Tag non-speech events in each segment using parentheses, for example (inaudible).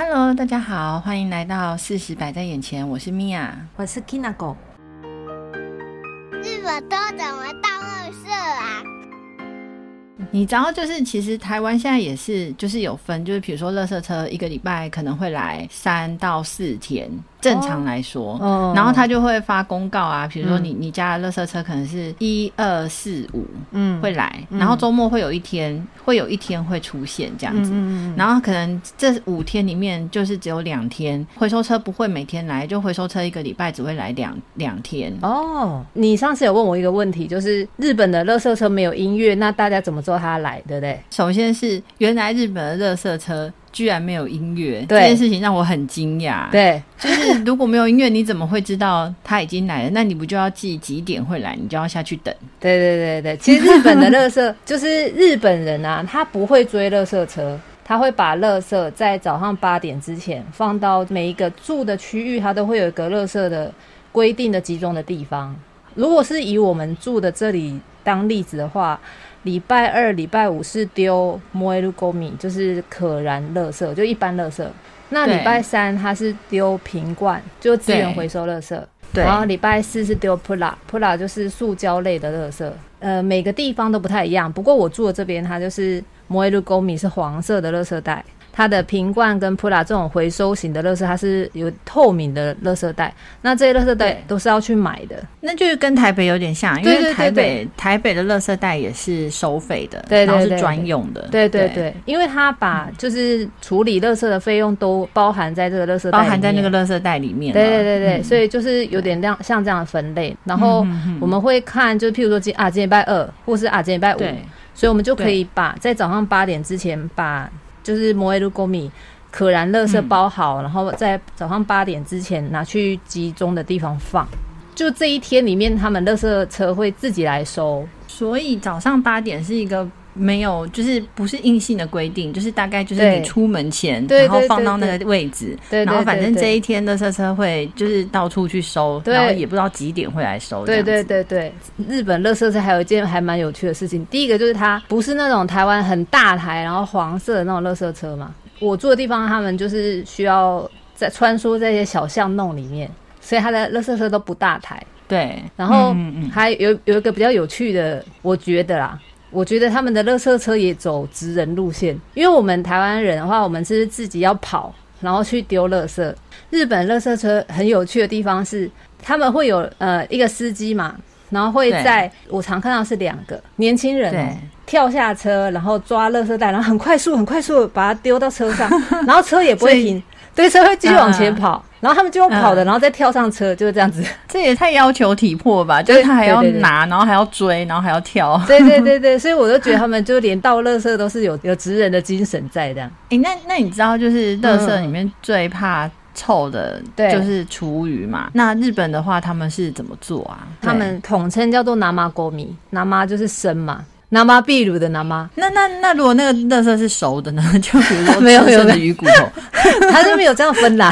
Hello，大家好，歡迎來到事實擺在眼前。我是 Mia，我是 Kinako。日本都怎麼倒垃圾啊？你知道，就是其實台灣現在也是，就是有分，就是比如說，垃圾車一個禮拜可能會來三到四天。正常來說，oh. Oh. 然後他就會發公告啊，比如說你，嗯、你家的垃圾車可能是一二四五，嗯，會來，然後週末會有一天，嗯、會有一天會出現這樣子，嗯，嗯，嗯，然後可能這五天裡面就是只有兩天，回收車不會每天來，就回收車一個禮拜只會來兩兩天。哦，oh，你上次有問我一個問題，就是日本的垃圾車沒有音樂，那大家怎麼做它來，對不對？首先是原來日本的垃圾車。居然沒有音樂，這件事情讓我很驚訝。對，就是如果沒有音樂， (laughs) 你怎麼會知道他已經來了？那你不就要記幾點會來？你就要下去等。對對對對，其實日本的垃圾 (laughs) 就是日本人啊，他不會追垃圾車，他會把垃圾在早上八點之前放到每一個住的區域，他都會有一個垃圾的規定的集中的地方。如果是以我們住的這裡當例子的話。禮拜二、禮拜五是丟 moilu gomi，就是可燃垃圾，就一般垃圾。那禮拜三它是丟瓶罐，就資源回收垃圾。對。然後禮拜四是丟 plar，plar 就是塑膠類的垃圾。呃，每個地方都不太一樣。不過我住的這邊，它就是 moilu gomi 是黃色的垃圾袋。它的瓶罐跟普拉這種回收型的垃圾，它是有透明的垃圾袋。那這些垃圾袋都是要去買的，那就是跟台北有點像，因為台北對對對對，台北的垃圾袋也是收費的對對對對，然後是專用的。對對對、對、對、對、對、對，因為它把就是處理垃圾的費用都包含在這個垃圾袋，包含在那個垃圾袋裡面。對對對對、嗯，所以就是有點像像這樣的分類。然後我們會看，就是譬如說今啊，今天禮拜二，或是啊，今天禮拜五，所以我們就可以把在早上八點之前把。就是もえるゴミ可燃垃圾包好，嗯，然後在早上八點之前拿去集中的地方放，就這一天裡面，他們垃圾車會自己來收。所以早上八點是一個。沒有，就是不是硬性的規定，就是大概就是你出門前，然後放到那個位置，對對對對，然後反正這一天的垃圾車會就是到處去收，對，然後也不知道幾點會來收。對對對對，對，日本垃圾車還有一件還蠻有趣的事情，第一個就是它不是那種台灣很大台，然後黃色的那種垃圾車嘛。我住的地方，他們就是需要在穿梭在一些小巷弄裡面，所以它的垃圾車都不大台。對，然後還有、嗯嗯、有一個比較有趣的，我覺得啦。我覺得他們的垃圾車也走職人路線，因為我們台灣人的話，我們是自己要跑，然後去丟垃圾。日本垃圾車很有趣的地方是，他們會有呃一個司機嘛，然後會在我常看到是兩個年輕人、哦、跳下車，然後抓垃圾袋，然後很快速很快速把它丟到車上， (laughs) 然後車也不會停。對，車會繼續往前跑，嗯，然後他們就跑的，嗯，然後再跳上車，就是這樣子。這也太要求體魄吧？就是他還要拿，然後還要追，然後還要跳。對對對對，所以我就覺得他們就連倒垃圾都是有有職人的精神在的。哎，那那你知道就是垃圾裡面最怕臭的，就是廚餘嘛，嗯。那日本的話，他們是怎麼做啊？他們統稱叫做“ナマゴミ”，ナマ就是生嘛。南馬秘魯的南馬，那那那如果那個垃圾是熟的呢？就比如說煮熟的魚骨頭，他是沒有這樣分的、啊，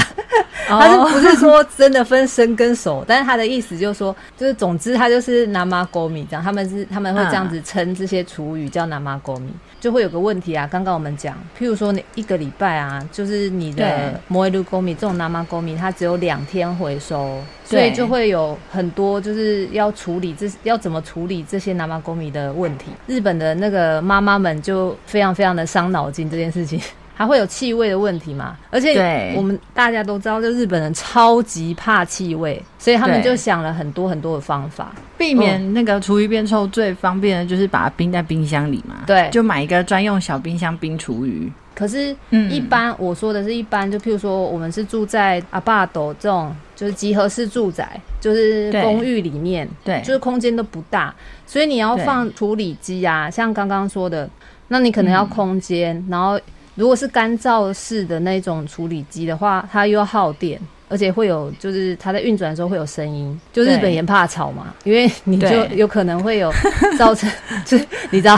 他 (laughs) 是不是說真的分生跟熟？哦，但是他的意思就是說，就是總之他就是南馬鍋米這樣，他們是他們會這樣子稱這些廚餘叫南馬鍋米。嗯就會有個問題啊！剛剛我們講，譬如說你一個禮拜啊，就是你的もえるゴミ這種ナマゴミ，它只有兩天回收，所以就會有很多就是要處理這要怎麼處理這些ナマゴミ的問題。日本的那個媽媽們就非常非常的傷腦筋這件事情。還會有氣味的問題嘛，而且我們大家都知道，就日本人超級怕氣味，所以他們就想了很多很多的方法，避免那個廚餘變臭。最方便的就是把它冰在冰箱裡嘛。對，就買一個專用小冰箱冰廚餘。可是，一般我說的是一般，嗯、就譬如說，我們是住在阿巴斗這種就是集合式住宅，就是公寓裡面，對，就是空間都不大，所以你要放處理機啊，像剛剛說的，那你可能要空間、嗯，然後。如果是乾燥式的那種處理機的話，它又要耗電，而且會有，就是它在運轉的時候會有聲音。就是、日本也怕吵嘛，因為你就有可能會有造成， (laughs) 就你知道，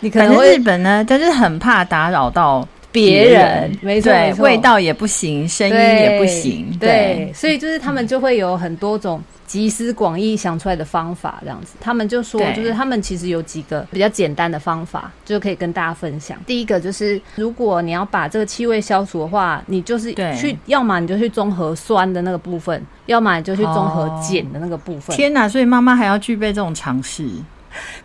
你可能本身日本呢，他、就是很怕打擾到別人、人，沒錯對沒錯，味道也不行，聲音也不行對對，對，所以就是他們就會有很多種。集思廣益想出來的方法，這樣子，他們就說，就是他們其實有幾個比較簡單的方法，就可以跟大家分享。第一個就是，如果你要把這個氣味消除的話，你就是去，要麼你就去中和酸的那個部分，要麼你就去中和鹼的那個部分。哦、天哪！所以媽媽還要具備這種常識。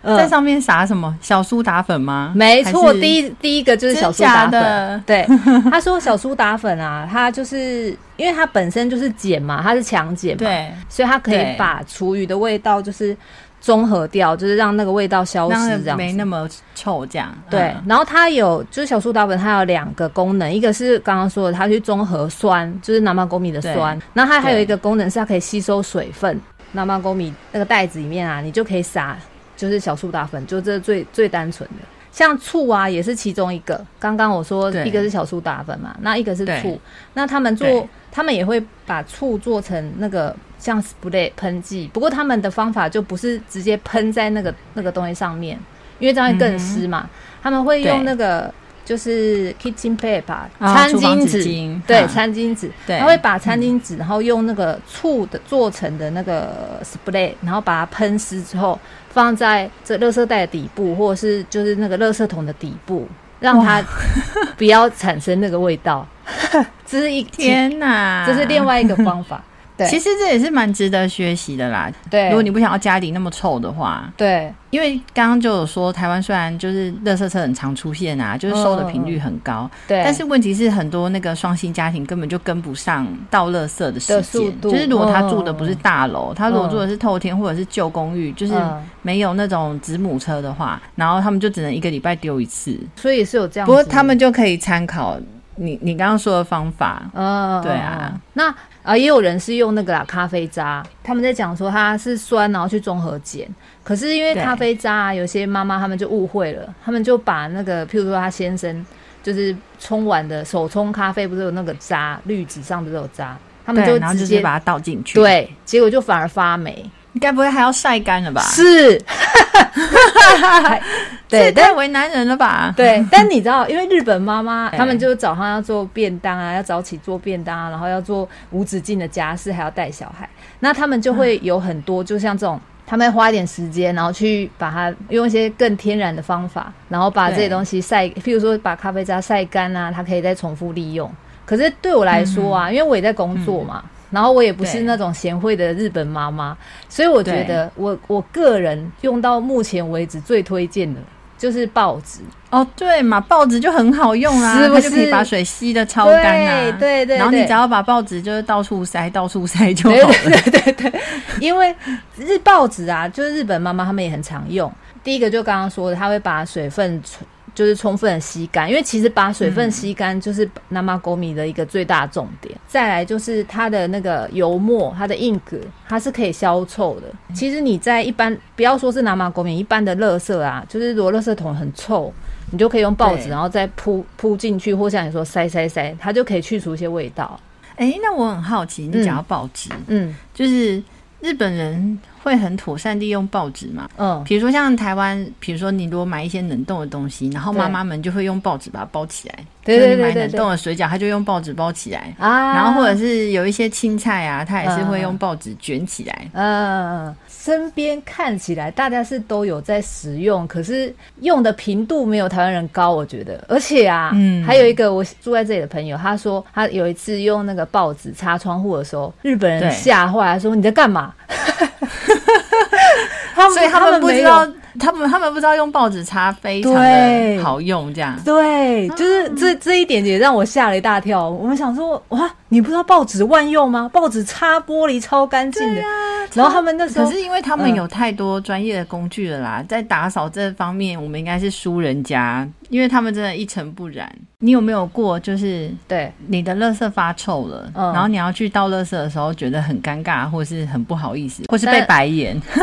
嗯、在上面撒什麼小蘇打粉嗎？沒錯，第一第一個就是小蘇打粉。對，他說小蘇打粉啊， (laughs) 它就是因為它本身就是鹼嘛，它是強鹼嘛，對，所以它可以把廚餘的味道就是中和掉，就是讓那個味道消失，這樣那沒那麼臭。這樣對、嗯，然後它有就是小蘇打粉，它有兩個功能，一個是剛剛說的，它去中和酸，就是南馬谷米的酸。然後它還有一個功能是它可以吸收水分。南馬谷米那個袋子裡面啊，你就可以撒。就是小蘇打粉，就這最最單純的，像醋啊，也是其中一個。剛剛我說一個是小蘇打粉嘛，那一個是醋。那他們做，他們也會把醋做成那個像 spray 噴劑，不過他們的方法就不是直接噴在那個那個東西上面，因為這樣會更濕嘛、嗯。他們會用那個。就是 kitchen paper 餐、oh, 紙巾紙、啊，對，啊、餐巾紙，對，他會把餐巾紙，然後用那個醋的做成的那個 spray 然後把它噴濕之後，放在這垃圾袋的底部，或者是就是那個垃圾桶的底部，讓它不要產生那個味道。 (laughs) 這是一天哪，這是另外一個方法。 (laughs) 其實這也是蠻值得學習的啦。對，如果你不想要家裡那麼臭的話，對，因為剛剛就有說，台灣雖然就是垃圾車很常出現啊，就是收的頻率很高，對、嗯。但是問題是，很多那個雙薪家庭根本就跟不上倒垃圾的時間。就是如果他住的不是大樓、嗯，他如果住的是透天或者是舊公寓、嗯，就是沒有那種子母車的話，然後他們就只能一個禮拜丟一次。所以是有這樣。不過他們就可以參考你你剛剛說的方法。嗯，對啊。那。啊，也有人是用那個咖啡渣，他們在講說它是酸，然後去中和鹼。可是因為咖啡渣啊，有些媽媽他們就誤會了，他們就把那個譬如說他先生就是沖完的手沖咖啡，不是有那個渣濾紙上的這種渣，他們就直接然後就把它倒進去，對，結果就反而發霉。你該不會還要曬乾了吧？是， (laughs) 對，但是太為難人了吧？對，但你知道，因為日本媽媽， (laughs) 他們就早上要做便當啊，要早起做便當啊，然後要做無止境的家事，還要帶小孩，那他們就會有很多，嗯、就像這種，他們要花一點時間，然後去把它用一些更天然的方法，然後把這些東西曬，譬如說把咖啡渣曬乾啊，它可以再重複利用。可是對我來說啊，嗯、因為我也在工作嘛。嗯然後我也不是那種賢惠的日本媽媽，所以我覺得我我個人用到目前為止最推薦的就是報紙哦，對嘛，報紙就很好用啊，是不是？它就可以把水吸得超乾啊，對對、對對。然後你只要把報紙就是到處塞，對對對，到處塞就好了，對、對對對。因為報紙啊，就是日本媽媽他們也很常用。 (laughs) 第一個就剛剛說的，他會把水分。就是充分的吸乾，因為其實把水分吸乾就是南馬狗米的一個最大重點。嗯。再來就是它的那個油墨，它的印格，它是可以消臭的。嗯、其實你在一般不要說是南馬狗米，一般的垃圾啊，就是如果垃圾桶很臭，你就可以用報紙，然後再鋪鋪進去，或像你說塞塞塞，它就可以去除一些味道。哎、欸，那我很好奇，你講到報紙，嗯，就是。日本人會很妥善利用報紙嘛？嗯，比如說像台灣，比如說你如果買一些冷凍的東西，然後媽媽們就會用報紙把它包起來。對對對對對，對，買冷凍的水餃，他就用報紙包起來啊。然後或者是有一些青菜啊，他也是會用報紙捲起來。嗯、啊。啊啊身邊看起來大家是都有在使用，可是用的頻度沒有台灣人高，我覺得。而且啊，嗯，還有一個我住在這裡的朋友，他說他有一次用那個報紙擦窗戶的時候，日本人嚇壞，他說，你在幹嘛？ (laughs) (laughs) 他們所以他們不知道，他們他們，他們不知道用報紙擦非常的好用，這樣。對，就是這這一點也讓我嚇了一大跳。我們想說哇。你不知道報紙萬用嗎？報紙擦玻璃超乾淨的，啊。然後他們那時候，可是因為他們有太多專業的工具了啦，嗯、在打掃這方面，我們應該是輸人家，因為他們真的，一塵不染。你有沒有過，就是對你的垃圾發臭了，嗯，然後你要去倒垃圾的時候，覺得很尷尬，或是很不好意思，或是被白眼？ (laughs)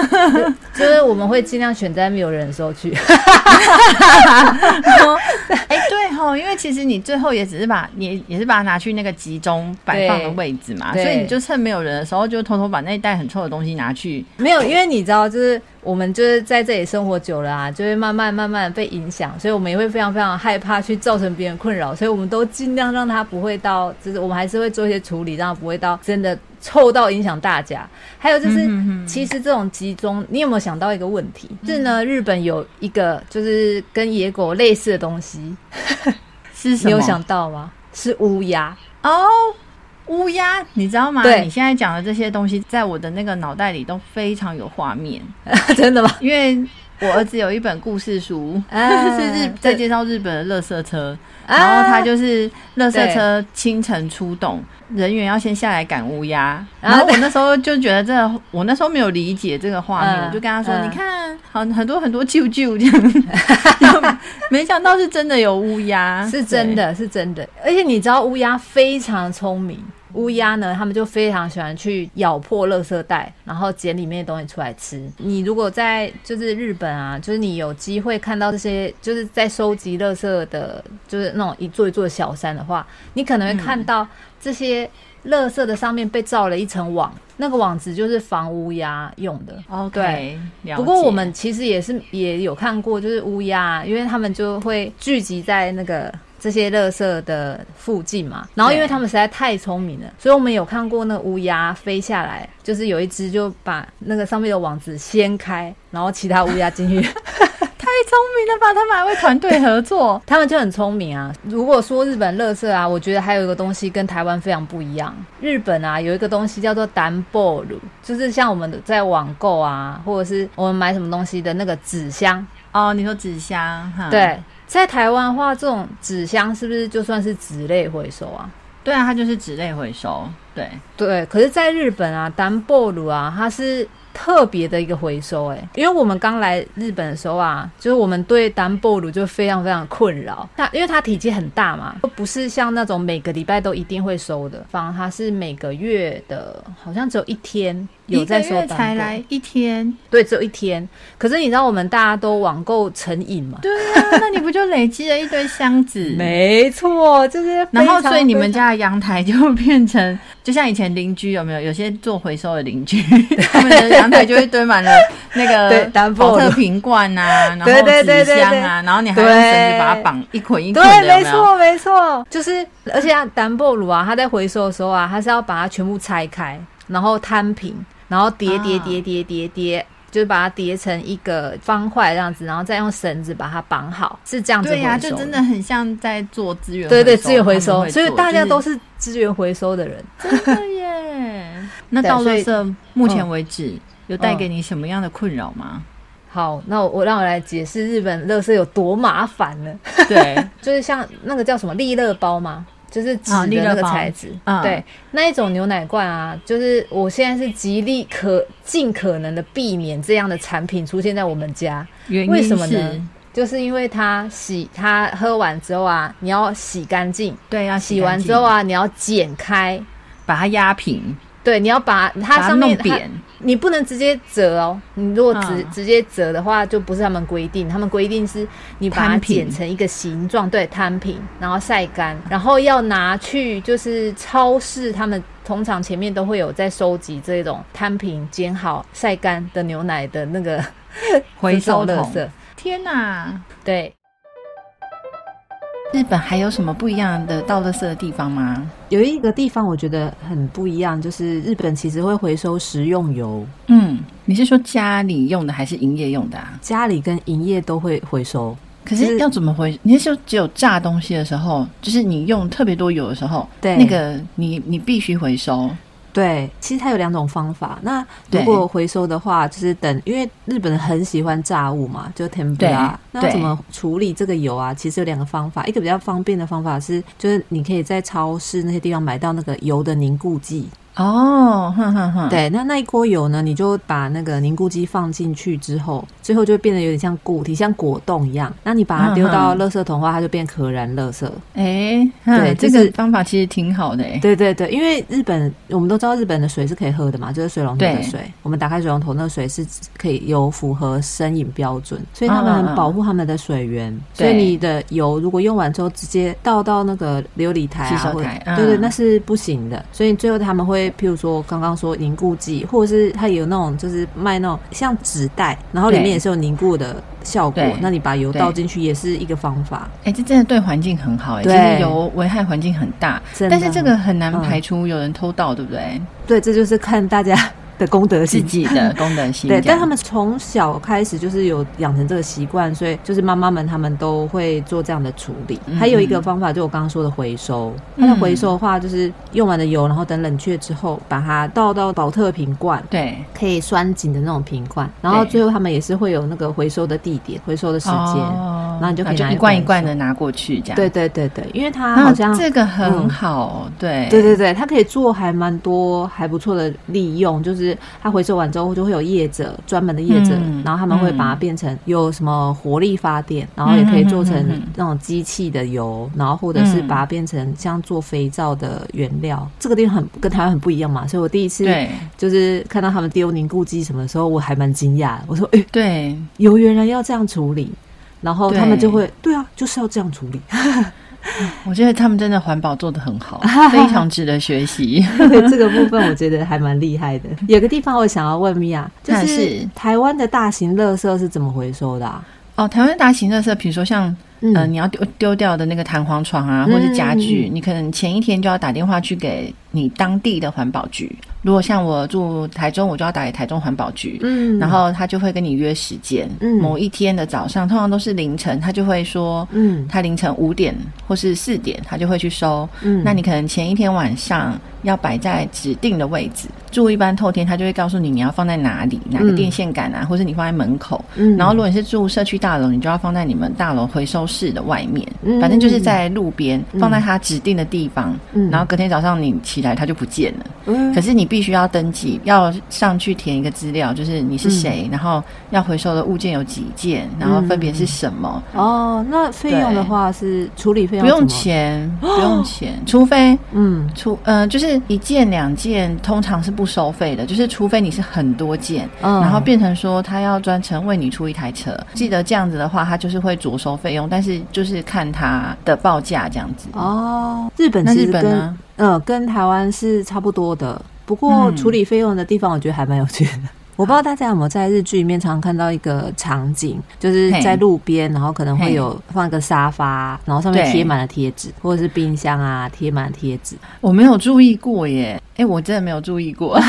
就，就是我們會盡量選在沒有人的時候去。哎、 (laughs) (laughs) 哦欸，對吼，因為其實你最後也只是把，你，也是把它拿去那個集中擺放的位置嘛，所以你就趁沒有人的時候，就偷偷把那一袋很臭的東西拿去。沒有，因為你知道，就是我們就是在這裡生活久了啊，就會慢慢慢慢被影響，所以我們也會非常非常害怕去造成別人困擾，所以我們都盡量讓它不會到，就是我們還是會做一些處理，讓它不會到真的臭到影響大家。還有就是、嗯哼哼，其實這種集中，你有沒有想到一個問題？是、嗯、呢，日本有一個就是跟野狗類似的東西， (laughs) 是什麼，你有想到嗎？是烏鴉哦。Oh? 烏鴉，你知道嗎？對、你現在講的這些東西，在我的那個腦袋裡都非常有畫面， (laughs) 真的嗎？因為我兒子有一本故事書，啊、是日，在介紹日本的垃圾車、啊，然後他就是垃圾車清晨出動，人員要先下來趕烏鴉，然後我那時候就覺得、這個，這我那時候沒有理解這個畫面，我、啊、就跟他說：“啊、你看、啊，很多很多啾啾這樣。 (laughs) 這樣”沒想到是真的有烏鴉，是真的，是真的，而且你知道烏鴉非常聰明。烏鴉呢？他們就非常喜歡去咬破垃圾袋，然後撿裡面的東西出來吃。你如果在就是日本啊，就是你有機會看到這些，就是在收集垃圾的，就是那種一座一座的小山的話，你可能會看到這些垃圾的上面被罩了一層網。嗯，那個網子就是防烏鴉用的。哦，okay，對。不過我們其實也是也有看過，就是烏鴉，因為他們就會聚集在那個。這些垃圾的附近嘛，然後因為他們實在太聰明了，所以我們有看過那烏鴉飛下來，就是有一隻就把那個上面的網子掀開，然後其他烏鴉進去。 (laughs) 太聰明了吧？他們還會團隊合作， (laughs) 他們就很聰明啊。如果說日本垃圾啊，我覺得還有一個東西跟台灣非常不一樣，日本啊有一個東西叫做ダンボール，就是像我們在網購啊，或者是我們買什麼東西的那個紙箱哦。你說紙箱哈，對。在台灣的話，這種紙箱是不是就算是紙類回收啊？對啊，它就是紙類回收。對對，可是，在日本啊，ダンボール啊，它是特別的一個回收。哎，因為我們剛來日本的時候啊，就是我們對ダンボール就非常非常的困擾。那因為它體積很大嘛，不是像那種每個禮拜都一定會收的，反正它是每個月的，好像只有一天。一個月才來一天， (music) 對，只有一天。可是你知道我們大家都網購成癮嘛？對啊，那你不就累積了一堆箱子？ (laughs) 沒錯，就是。然後，所以你們家的陽台就變成，就像以前鄰居有沒有？有些做回收的鄰居， (laughs) 他們的陽台就會堆滿了那個寶特瓶罐啊，然後紙箱啊，然後你還用繩子把它綁一捆一捆的有沒有。對，沒錯，沒錯，就是。而且丹博魯啊，他在回收的時候啊，他是要把它全部拆開，然後攤平。然後疊疊疊疊疊疊，疊，疊，就是把它疊成一個方塊這樣子，然後再用繩子把它綁好，是這樣子的。對呀、啊，就真的很像在做資源回收。對對，資源回收，所以大家都是資源回收的人。就是、真的耶！ (laughs) 那倒垃圾目前為止、嗯、有帶給你什麼樣的困擾嗎？嗯、好，那我，我讓我來解釋日本垃圾有多麻煩了。 (laughs) 對，就是像那個叫什麼利樂包嗎？就是紙的那個材質，哦嗯，對，那一種牛奶罐啊，就是我現在是極力可盡可能的避免這樣的產品出現在我們家。為什麼呢？就是因為它洗，它喝完之後啊，你要洗乾淨，對，啊，洗完之後啊，你要剪開，把它壓平。對，你要把它上面弄扁，你不能直接折哦。你如果直、嗯、直接折的話，就不是他們規定。他們規定是你把它剪成一個形狀，對，攤平，然後曬乾，然後要拿去就是超市，他們通常前面都會有在收集這種攤平、剪好、曬乾的牛奶的那個回收的 (laughs) 。天哪，對。日本還有什麼不一樣的倒垃圾的地方嗎？有一個地方我覺得很不一樣，就是日本其實會回收食用油。嗯，你是說家裡用的還是營業用的啊？家裡跟營業都會回收。可是要怎麼回？你是說只有炸東西的時候，就是你用特別多油的時候，對，那個你你必須回收。對，其實它有兩種方法。那如果回收的話，就是等，因為日本人很喜歡炸物嘛，就天婦羅啊，那要怎麼處理這個油啊？其實有兩個方法，一個比較方便的方法是，就是你可以在超市那些地方買到那個油的凝固劑。哦、oh, huh, huh, huh. 對，那那一鍋油呢？你就把那個凝固劑放進去之後，最後就變得有點像固體，像果凍一樣。那你把它丟到垃圾桶的話、嗯，它就變可燃垃圾。哎、嗯，對，這個方法其實挺好的。哎，對對對，因爲日本我們都知道日本的水是可以喝的嘛，就是水龍頭的水。我們打開水龍頭，那水是可以有符合生飲標準，所以他們很保護他們的水源、嗯。所以你的油如果用完之後直接倒到那個流理台啊，對、嗯、對，那是不行的。所以最後他們會。譬如說，剛剛說凝固劑，或者是它有那種，就是賣那種像紙袋，然後裡面也是有凝固的效果。那你把油倒進去也是一個方法。哎、欸，這真的對環境很好、欸。哎，對，其實油危害環境很大，但是這個很難排除有人偷倒、嗯，對不對？對，這就是看大家。 (laughs) 的功德，自己的功德性。 (laughs) 對，但他們從小開始就是有養成這個習慣，所以就是媽媽們他們都會做這樣的處理。嗯，還有一個方法，就我剛剛說的回收。它的回收的話，就是用完的油，然後等冷卻之後，把它倒到寶特瓶罐，對，可以拴緊的那種瓶罐。然後最後他們也是會有那個回收的地點，回收的時間。哦那你就可以就一罐一罐的拿過去，這樣對對對對，對，因為它好像這個很好，對對對對，它可以做還蠻多還不錯的利用，就是它回收完之後就會有業者專門的業者，然後他們會把它變成有什麼火力發電，然後也可以做成那種機器的油，然後或者是把它變成像做肥皂的原料。這個地方很跟台灣很不一樣嘛，所以我第一次就是看到他們丟凝固劑什麼的時候，我還蠻驚訝，我說哎，對，油原來要這樣處理。然後他們就會對，對啊，就是要這樣處理。我覺得他們真的環保做得很好， (laughs) 非常值得學習。 (laughs) 這個部分我覺得還蠻厲害的。 (laughs) 有個地方我想要問米婭，就是，是台灣的大型垃圾是怎麼回收的啊？哦，台灣大型垃圾，比如說像嗯、呃，你要丟丟掉的那個彈簧床啊，或者家具，嗯，你可能前一天就要打電話去給。你當地的環保局，如果像我住台中，我就要打給台中環保局。嗯，然後他就會跟你約時間，嗯，某一天的早上，通常都是凌晨，他就會說，嗯，他凌晨五點或是四點，他就會去收。嗯，那你可能前一天晚上要擺在指定的位置，嗯，住一般透天，他就會告訴你你要放在哪裡，哪個電線桿啊，嗯，或是你放在門口。嗯，然後如果你是住社區大樓，你就要放在你們大樓回收室的外面，嗯，反正就是在路邊，嗯，放在他指定的地方。嗯，然後隔天早上你其實。來，它就不見了。嗯，可是你必須要登記，要上去填一個資料，就是你是誰，嗯、然後要回收的物件有幾件，嗯，然後分別是什麼。哦，那費用的話是處理費用，不用錢，哦，不用錢，哦，除非嗯，除嗯、呃，就是一件兩件，通常是不收費的。就是除非你是很多件，嗯，然後變成說他要專程為你出一台車，嗯，記得這樣子的話，他就是會酌收費用。但是就是看他的報價這樣子。哦，日本是日本呢？嗯，跟台灣是差不多的，不過處理費用的地方，我覺得還蠻有趣的。嗯 (laughs) 我不知道大家有沒有在日劇裡面常常看到一個場景，就是在路邊，然後可能會有放一個沙發，然後上面貼滿了貼紙，或者是冰箱啊貼滿了貼紙。我沒有注意過耶，哎、欸，我真的沒有注意過。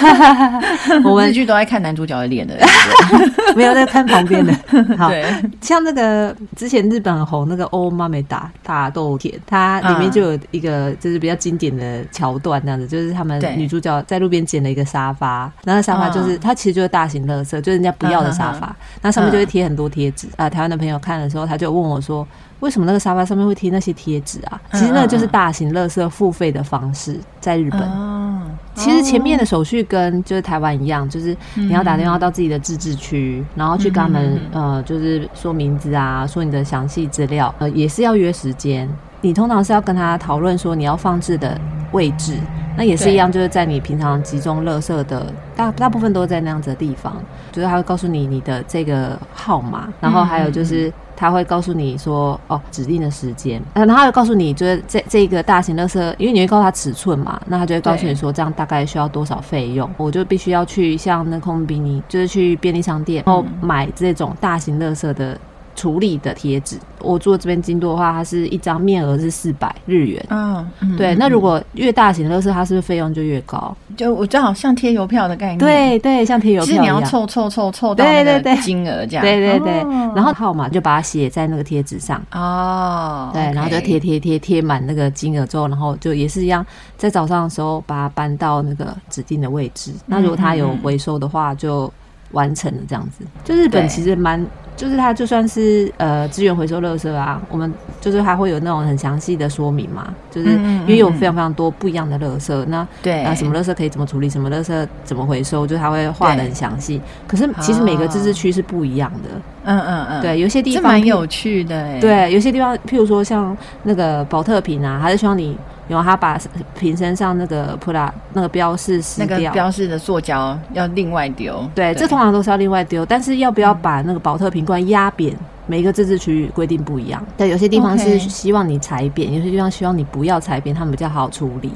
(laughs) 我們日劇都愛看男主角的臉的， (laughs) 沒有在看旁邊的。好，像那個之前日本紅那個《歐媽美打大豆田》，它裡面就有一個就是比較經典的橋段，這樣子，就是他們女主角在路邊撿了一個沙發，然後沙發就是它其實就是大。大型垃圾就是人家不要的沙發，嗯嗯、那上面就會貼很多貼紙啊。台灣的朋友看的時候，他就問我說：“為什麼那個沙發上面會貼那些貼紙啊、嗯？”其實那個就是大型垃圾付費的方式，在日本、嗯。其實前面的手續跟就是台灣一樣，就是你要打電話到自己的自治區、嗯，然後去跟他們呃，就是說名字啊，說你的詳細資料，呃，也是要約時間。你通常是要跟他討論說你要放置的位置，那也是一樣，就是在你平常集中垃圾的大，大大部分都在那樣子的地方。就是他會告訴你你的這個號碼，然後還有就是他會告訴你說嗯嗯哦，指定的時間、呃，然後他會告訴你就是這這個大型垃圾，因為你會告訴他尺寸嘛，那他就會告訴你說這樣大概需要多少費用，我就必須要去像那空比尼，就是去便利商店，然後買這種大型垃圾的。處理的貼紙，我做這邊京都的話，它是一張面額是四百日元。Oh, 嗯，對。那如果越大型的，就是它是不是費用就越高？就我就好像貼郵票的概念。對對，對，像貼郵票一樣。其實你要湊湊湊湊到對金額這樣。對對對。Oh. 然後號碼就把它寫在那個貼紙上。哦、oh, okay. 對，然後就貼貼貼貼滿那個金額之後，然後就也是一樣，在早上的時候把它搬到那個指定的位置。嗯、那如果它有回收的話，就完成了這樣子。嗯、就日、是、本其實蠻。就是它，就算是呃資源回收樂色啊，我們就是還會有那種很詳細的說明嘛，就是因為有非常非常多不一樣的樂色、嗯，那對啊什麼樂色可以怎麼處理，什麼樂色怎麼回收，就它會畫得很詳細。可是其實每個自治區是不一樣的，嗯嗯嗯，對，有些地方是蠻有趣的、欸，對，有些地方譬如說像那個寶特瓶啊，還是希望你。然後、啊、他把瓶身上那個普拉，那個標示撕掉，那個、標示的塑膠要另外丟對。對，這通常都是要另外丟。但是要不要把那個寶特瓶罐壓扁，每一個自治區域規定不一樣。對，有些地方是希望你踩扁，Okay. 有些地方希望你不要踩扁，他們比較好處理。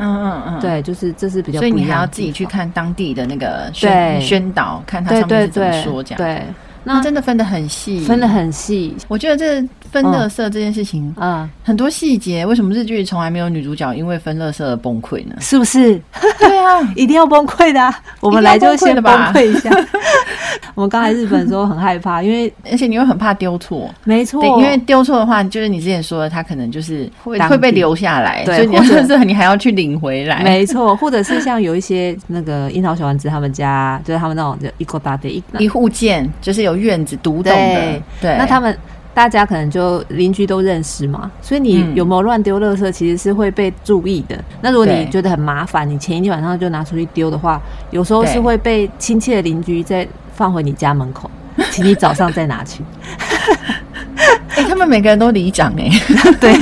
嗯嗯嗯，對，就是這是比較不一樣。所以你還要自己去看當地的那個宣宣導，看他上面是怎麼說這樣對，對，對，對，對。那真的分的很細，分的很細。我覺得這分樂色這件事情啊、嗯嗯，很多細節。為什麼日劇從來沒有女主角因為分樂色而崩潰呢？是不是？對啊， (laughs) 一定要崩潰的、啊。我們吧來就先崩潰一下。 (laughs) 我們剛來日本的時候很害怕，因為而且你會很怕丟錯，沒錯。因為丟錯的話，就是你之前說的，他可能就是會會被留下來，對，所以你，你還要去領回來，沒錯。 (laughs) 或者是像有一些那個櫻桃小丸子他們家，就是他們那種就一戶大宅，一戶建，就是有。院子獨棟的對，對，那他們大家可能就鄰居都認識嘛，所以你有沒有亂丟垃圾其實是會被注意的。嗯、那如果你覺得很麻煩，你前一天晚上就拿出去丟的話，有時候是會被親切的鄰居再放回你家門口，請你早上再拿去。哎、 (laughs) (laughs) 欸，他們每個人都里長哎， (laughs) (laughs) 對，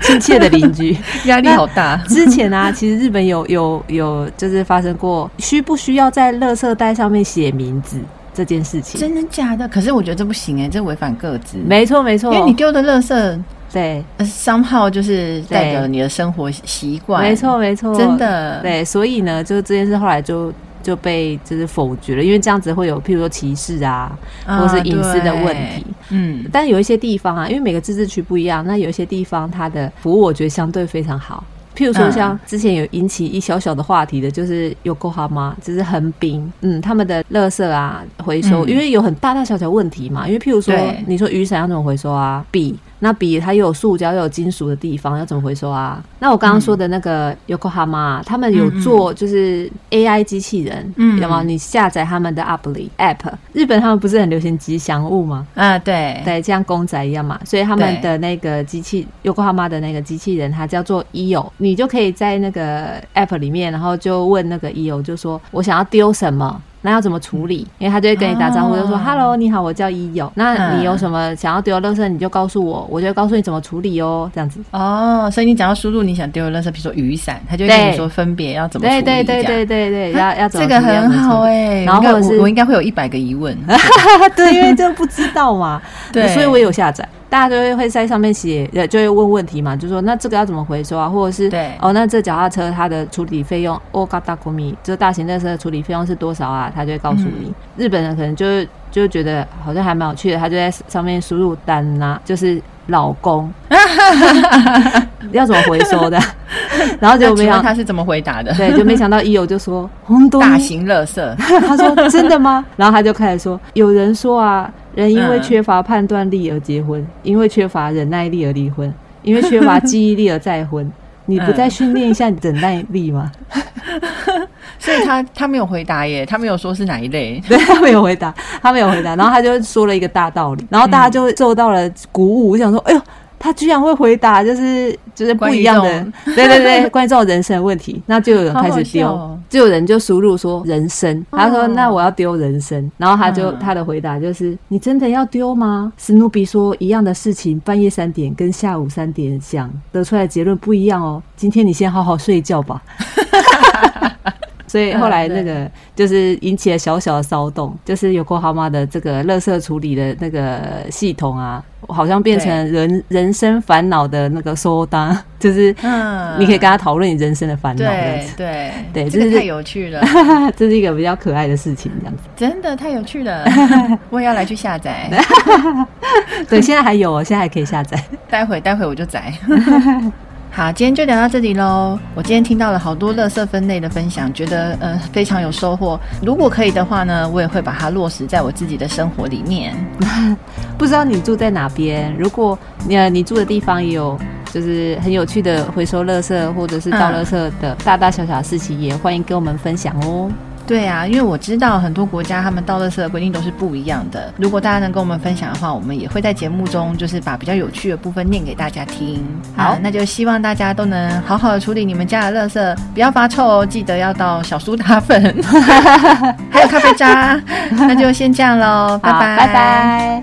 親切的鄰居 (laughs) 壓力好大。之前啊，其實日本有有有就是發生過，需不需要在垃圾袋上面寫名字？這件事情真的假的？可是我覺得這不行哎、欸，這違反個資。沒錯沒錯，因為你丟的垃圾，對商號、呃、就是代表你的生活習慣。沒錯沒錯，真的對，所以呢，就這件事後來就就被就是否決了，因為這樣子會有譬如說歧視啊，或是隱私的問題、啊。嗯，但有一些地方啊，因為每個自治區不一樣，那有一些地方它的服務我覺得相對非常好。譬如說，像之前有引起一小小的話題的，就是 Yokohama，就是橫濱，嗯，他們的樂色啊回收、嗯，因為有很大大小小問題嘛。因為譬如說，你說雨傘要怎麼回收啊？B。那比它又有塑膠又有金屬的地方要怎麼回收啊？那我剛剛說的那個 yokohama 他們有做就是 AI 機器人，那、嗯、麼、嗯、你下載他們的 app, app 日本他們不是很流行吉祥物嗎？啊，對，對，像公仔一樣嘛，所以他們的那個機器 yokohama 的那個機器人，它叫做 EO，你就可以在那個 app 裡面，然後就問那個 EO，就說我想要丟什麼。那要怎麼處理？因為他就會跟你打招呼，就、哦、說哈嘍，你好，我叫依友、哦嗯。那你有什麼想要丟的垃圾，你就告訴我，我就告訴你怎麼處理哦，這樣子。哦，所以你只要輸入你想丟的垃圾，比如說雨傘，他就會跟你說分別要怎麼處理。對對對對對對，啊、要要怎麼處理、啊、這個很好哎、欸。然後我我應該會有一百個疑問，對， (laughs) 對因為這不知道嘛。 (laughs) 對，所以我也有下載。大家都會會在上面寫，呃，就會問問題嘛，就說那這個要怎麼回收啊，或者是，對，哦，那這腳踏車它的處理費用哦 Oh God，大米，這大型垃圾的處理費用是多少啊？他就會告訴你、嗯，日本人可能就就覺得好像還蠻有趣的，他就在上面輸入單啦，就是老公， (laughs) (laughs) 要怎麼回收的？ (laughs) (laughs) 然後就沒想到他，他是怎麼回答的，對，就沒想到伊友就說， (laughs) 大型垃圾， (laughs) 他說真的嗎？然後他就開始說，有人說啊。人因為缺乏判斷力而結婚，嗯，因為缺乏忍耐力而離婚，因為缺乏記憶力而再婚。嗯，你不再訓練一下你的忍耐力嗎？嗯、 (laughs) 所以他他沒有回答耶，他沒有說是哪一類，對，他沒有回答，他沒有回答，嗯，然後他就說了一個大道理，然後大家就會受到了鼓舞。我，嗯，想說，哎呦。他居然會回答，就是就是不一樣的，對對對， (laughs) 關於這種人生的問題，那就有人開始丟、喔，就有人就輸入說人生，哦、他說那我要丟人生，然後他就、嗯、他的回答就是，你真的要丟嗎？史努比說一樣的事情，半夜三點跟下午三點想得出來的結論不一樣哦、喔，今天你先好好睡覺吧。 (laughs) 所以後來那個就是引起了小小的騷動，嗯，就是 Yokohama 的這個垃圾處理的那個系統啊，好像變成人人生煩惱的那個收單，嗯，就是你可以跟他討論你人生的煩惱。對對對，對就是、這是、個、太有趣了，這是一個比較可愛的事情，這樣子。真的太有趣了，我也要來去下載。 (laughs) (laughs) 對，現在還有哦，現在還可以下載。待會待會我就載。 (laughs) 好，今天就聊到這裡嘍。我今天聽到了好多垃圾分類的分享，覺得呃非常有收穫。如果可以的話呢，我也會把它落實在我自己的生活裡面。不知道你住在哪邊？如果呃你，你住的地方也有，就是很有趣的回收垃圾或者是倒垃圾的、嗯、大大小小的事情，也歡迎跟我們分享哦。對啊，因為我知道很多國家他們倒垃圾的規定都是不一樣的。如果大家能跟我們分享的話，我們也會在節目中就是把比較有趣的部分念給大家聽。好。好，那就希望大家都能好好的處理你們家的垃圾，不要發臭哦。記得要倒小蘇打粉， (laughs) (laughs) 還有咖啡渣。 (laughs) 那就先這樣嘍， (laughs) 拜拜拜拜。